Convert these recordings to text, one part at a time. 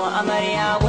wa amarya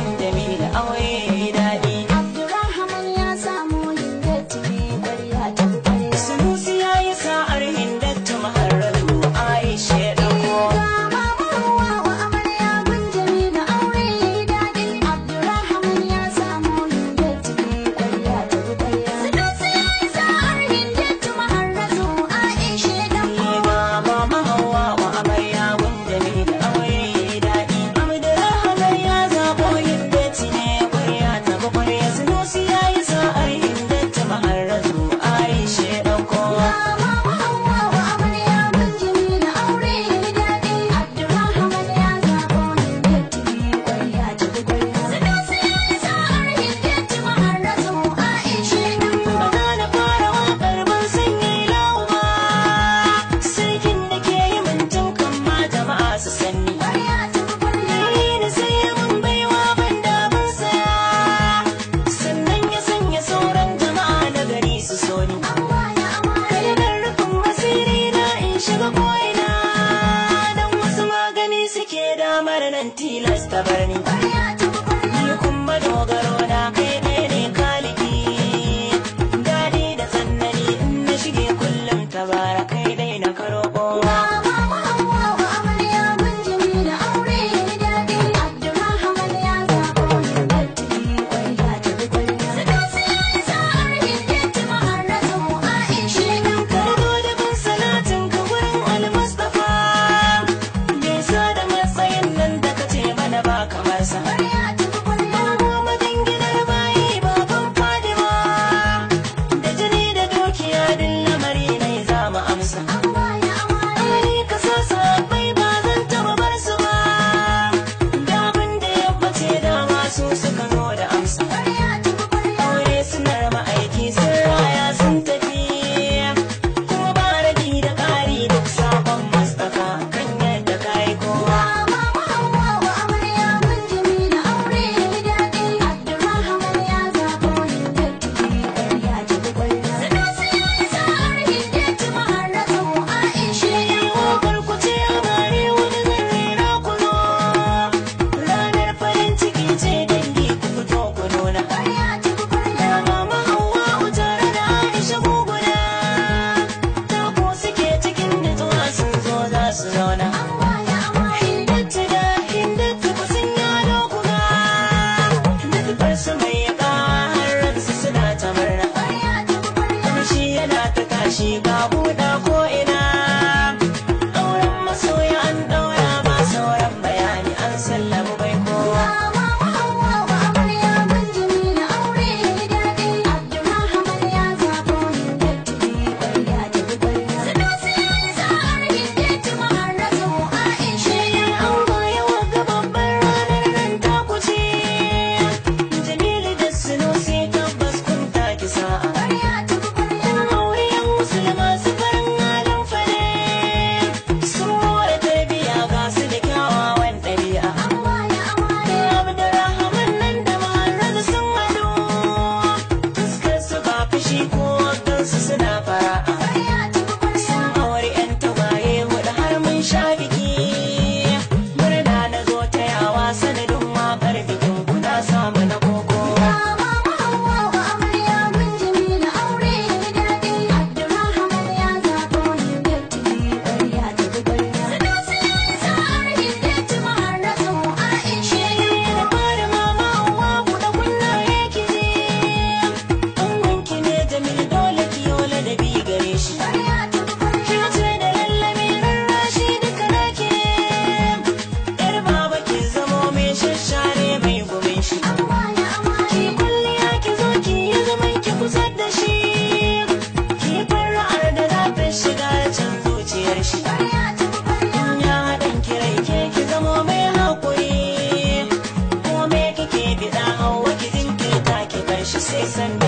innocent